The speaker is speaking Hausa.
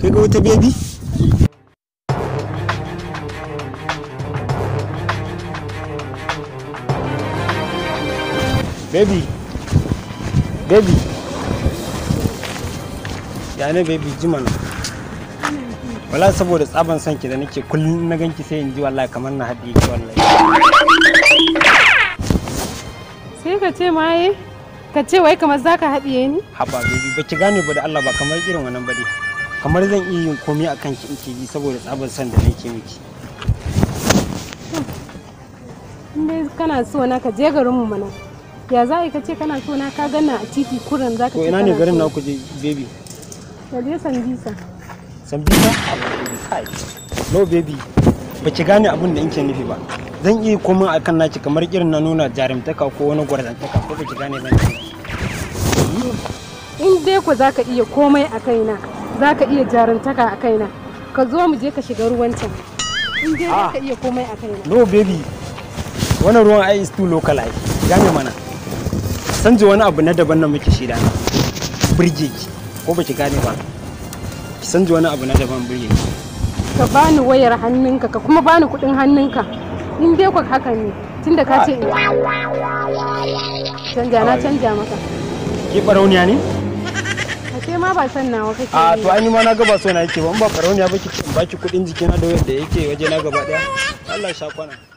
kai ga wata bebi bebi bebi ya ne bebi jima na wala saboda tsaban son ki da nake kullum na ganki sai in ji wallahi kamar na haɗe ki wallahi sai ka ce maye ka ce wai kamar zaka haɗiye ni haba bebi ba ki gane ba da Allah ba kamar irin wannan ba dai kamar zan iya yin komai a ki in ke saboda tsabar san da nake miki dai kana so na ka je garinmu mana ya za ka ce kana so na ka ganna a titi kuran za ka ce ina ne garin naku je baby ka je sambisa sambisa no baby ba ki gane abin da inke nufi ba zan iya komai a kan naki kamar irin na nuna jarumtaka ko wani gwarzantaka ko ba ki gane ba in dai ku za ka iya komai a kaina za ka iya jarantaka a kaina ka zo mu je ka shiga ruwan can in dai za ah. ka iya komai a kaina no baby wannan ruwan ai is too local ai me mana san ji wani abu na daban nan muke shida na burge ko baki gane ba ki san ji wani abu na daban burge ka bani wayar hannunka ka kuma bani kudin hannunka in dai ku haka ne tunda ka ce ah. canja na canja maka ki barauniya ne kai ma ba san nawa kake a to an ma na gaba so na yake ba in ba farauniya ba ki baki kudin jikina da wanda yake waje na gaba daya Allah sha kwana